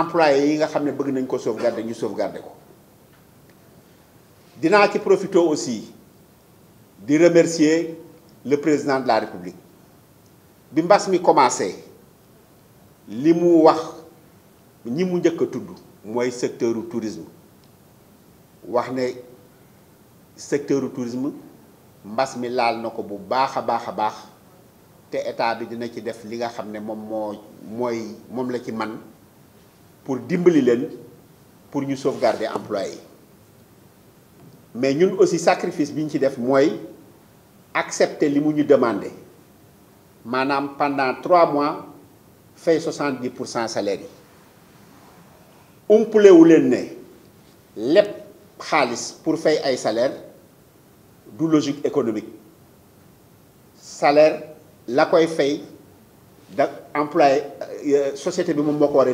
employés yi nga xam ne bëgg nañ ko sauvegarder ñu sauvegarder ko dinaa ci profiter aussi di remercier le président de la république bi mbas mi commencé li mu wax ñi mu njëkk a tudd mooy secteur tourisme wax ne secteur tourisme mbas mi lal na ko bu baax a baax a baax te état bi dina ci def li nga xam ne moom moo mooy la ci man pour dimbali pour ñu sauvegarder employés. mais ñun aussi sacrifice bi ci def moy accepter li mu ñu demandons. maanaam pendant trois mois fay 70% salaire. pour cent salaire yi umpalewu leen ne des pour fay ay salaire du logique économique salaire la koy fay da employé euh, société bi mon moo ko war a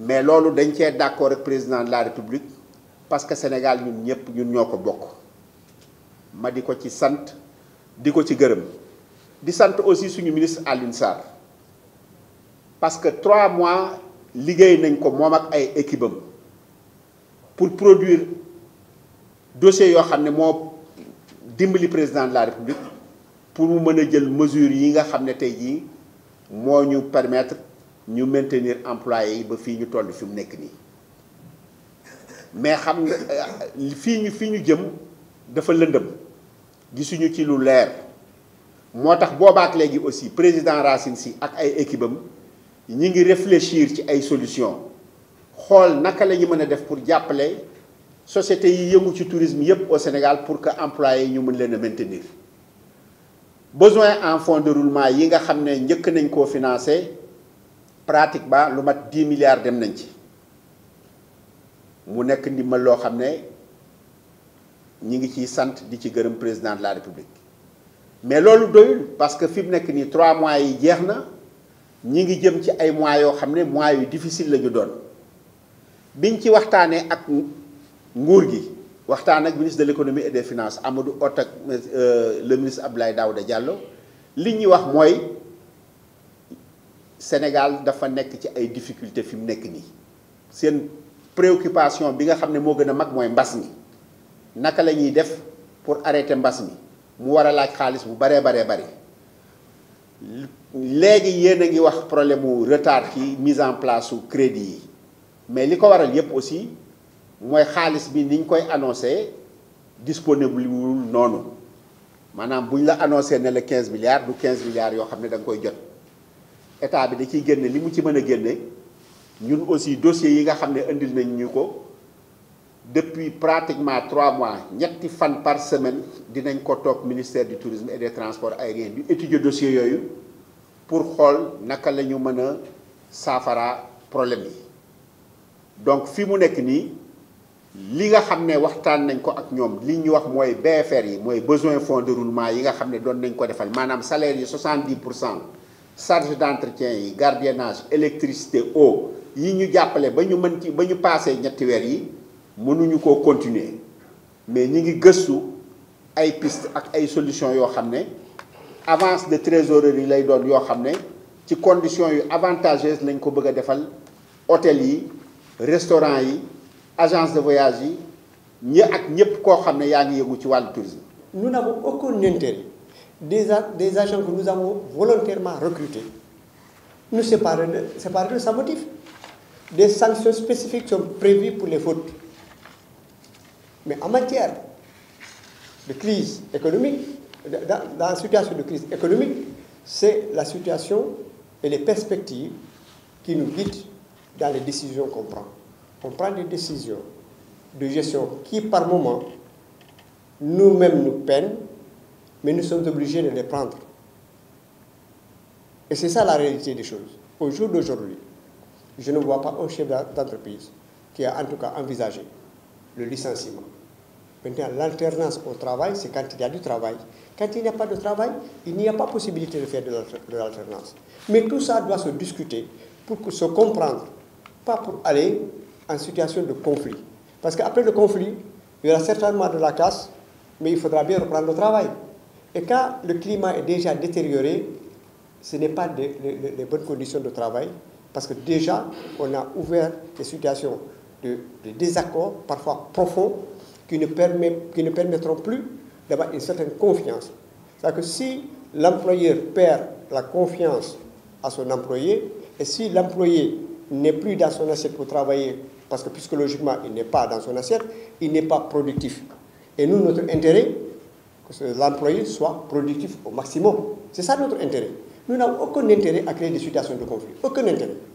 mais loolu dañ cee d'accord le président de la république parce que Sénégal ñun ñëpp ñun ñoo ko bokk ma di ko ci sant di ci gërëm di sant aussi suñu ministre Aline Sarr parce que trois mois nous nañ ko avec ak ay pour produire dossier qui est ne dimbali président de la république pour mu prendre a jël mesures yi nga xam ne tey ñu permettre ñu maintenir employé yi ba fi ñu tollu fi mu nekk ni mais xam nga euh, fii ñu fi ñu jëm dafa lëndëm gisuñu ci lu leer motax boba ak légui aussi président Racine si ak ay équipe ñi ngi réfléchir ci ay solution xol naka lañu mëna def pour jappalé société yi yëngu ci tourisme yëpp au Sénégal pour que employé ñu mëna leen maintenir besoin en fonds de roulement yi nga xamné ñëk nañ ko financer pratiquement lu mat 10 milliards dem nañ ci mu nekk ndimbal loo xam ne ñi ngi ciy sant di ci gërëm président de la république mais loolu doyul parce que fi mu nekk nii trois mois yi jeex na ñi ngi jëm ci ay mois yoo xam ne mois yu difficile la ñu doon biñ ci waxtaanee ak nguur gi waxtaan ak ministre de l'économie et des finances Amadou Hott ak euh, le ministre Abdoulaye Daouda Diallo li ñuy wax mooy Sénégal dafa nekk ci ay difficultés fi nek ni sen préoccupation bi nga xamné mo moo mag moy mbas mi naka lañuy def pour arrêter mbas mi mu wara a laaj xaalis bu bare bare bare légui yeena a ngi wax problème retard ci mise en place su crédit mais liko ko waral yépp aussi moy xaalis bi niñ koy annoncer disponible wul manam buñ la annoncer né le 15 milliards du 15 milliards yo xamné dang koy jot état bi da ciy génne li mu ci mën a génne ñun aussi dossier yi nga xam ne indil nañ ñu ko depuis pratiquement trois mois ñetti fan par semaine dinañ ko toog ministère du tourisme et des transports aériens ñu étudier dossier yooyu pour xool naka la ñu mën a saafara problème yi donc fi mu nekk nii li nga xam ne waxtaan nañ ko ak ñoom li ñu wax mooy BFR yi mooy besoin fond de roulement yi nga xam ne doon nañ ko defal maanaam salaire yi 70 pour cent charge d'entretien yi gardiennage électricité eau yi ñu jappalé ba ñu mën ci ba ñu passé ñetti weer yi mënu ñu ko continuer mais ñi ngi gëstu ay piste ak ay solution yo xamné avance de trésorerie lay doon yo xamné ci condition yu avantageuses lañ ko bëgg défal hôtel yi restaurant yi agence de voyage yi ñi ak ñëpp ko xamné yaangi yaa ci wàllu tourisme. nous n'avons aucun intérêt des, agents que nous avons volontairement recrutés, nous séparons de, sa motif. Des sanctions spécifiques sont prévues pour les fautes. Mais en matière de crise économique, dans, dans la situation de crise économique, c'est la situation et les perspectives qui nous guident dans les décisions qu'on prend. On prend des décisions de gestion qui, par moment, nous-mêmes nous peinent mais nous sommes obligés de les prendre. Et c'est ça la réalité des choses. Au jour d'aujourd'hui, je ne vois pas un chef d'entreprise qui a en tout cas envisagé le licenciement. Maintenant, l'alternance au travail, c'est quand il y a du travail. Quand il n'y a pas de travail, il n'y a pas possibilité de faire de l'alternance. Mais tout ça doit se discuter pour se comprendre, pas pour aller en situation de conflit. Parce qu'après le conflit, il y aura certainement de la casse, mais il faudra bien reprendre le travail. Et quand le climat est déjà détérioré, ce n'est pas des bonnes conditions de travail, parce que déjà, on a ouvert des situations de, désaccord, parfois profonds, qui ne, permet qui ne permettront plus d'avoir une certaine confiance. C'est-à-dire que si l'employeur perd la confiance à son employé, et si l'employé n'est plus dans son assiette pour travailler, parce que puisque il n'est pas dans son assiette, il n'est pas productif. Et nous, notre intérêt, l'employé soit productif au maximum. C'est ça notre intérêt. Nous n'avons aucun intérêt à créer des situations de conflit. Aucun intérêt.